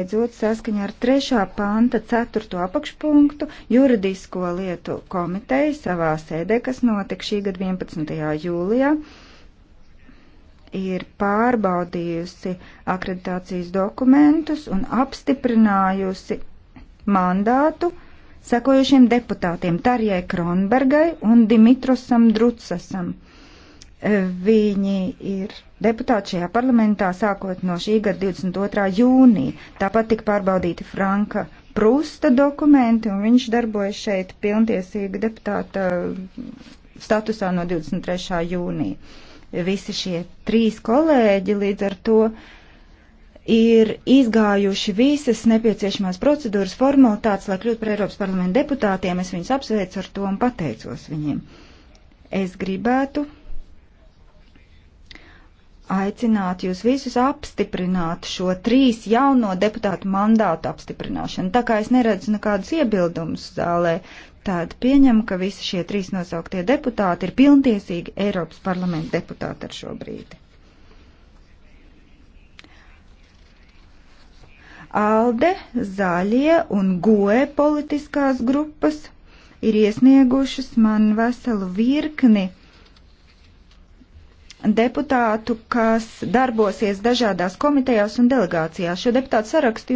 Beidzot, saskaņā ar 3. panta 4. apakšpunktu juridisko lietu komiteja savā sēdē, kas notika šī gada 11. jūlijā, ir pārbaudījusi akreditācijas dokumentus un apstiprinājusi mandātu sekojušiem deputātiem Tarjai Kronbergai un Dimitrosam Drucasam. Viņi ir deputāti šajā parlamentā sākot no šī gada 22. jūnija. Tāpat tika pārbaudīti Franka Prusta dokumenti, un viņš darbojas šeit pilntiesīga deputāta statusā no 23. jūnija. Visi šie trīs kolēģi līdz ar to ir izgājuši visas nepieciešamās procedūras formalitātes, lai kļūtu par Eiropas parlamenta deputātiem. Es viņus apsveicu ar to un pateicos viņiem. Es gribētu aicināt jūs visus apstiprināt šo trīs jauno deputātu mandātu apstiprināšanu. Tā kā es neredzu nekādus iebildumus zālē, tad pieņem, ka visi šie trīs nosauktie deputāti ir pilntiesīgi Eiropas parlamenta deputāti ar šo brīdi. ALDE, Zaļie un GOE politiskās grupas ir iesniegušas man veselu virkni deputātu, kas darbosies dažādās komitejās un delegācijās. Šo deputātu sarakstu jūs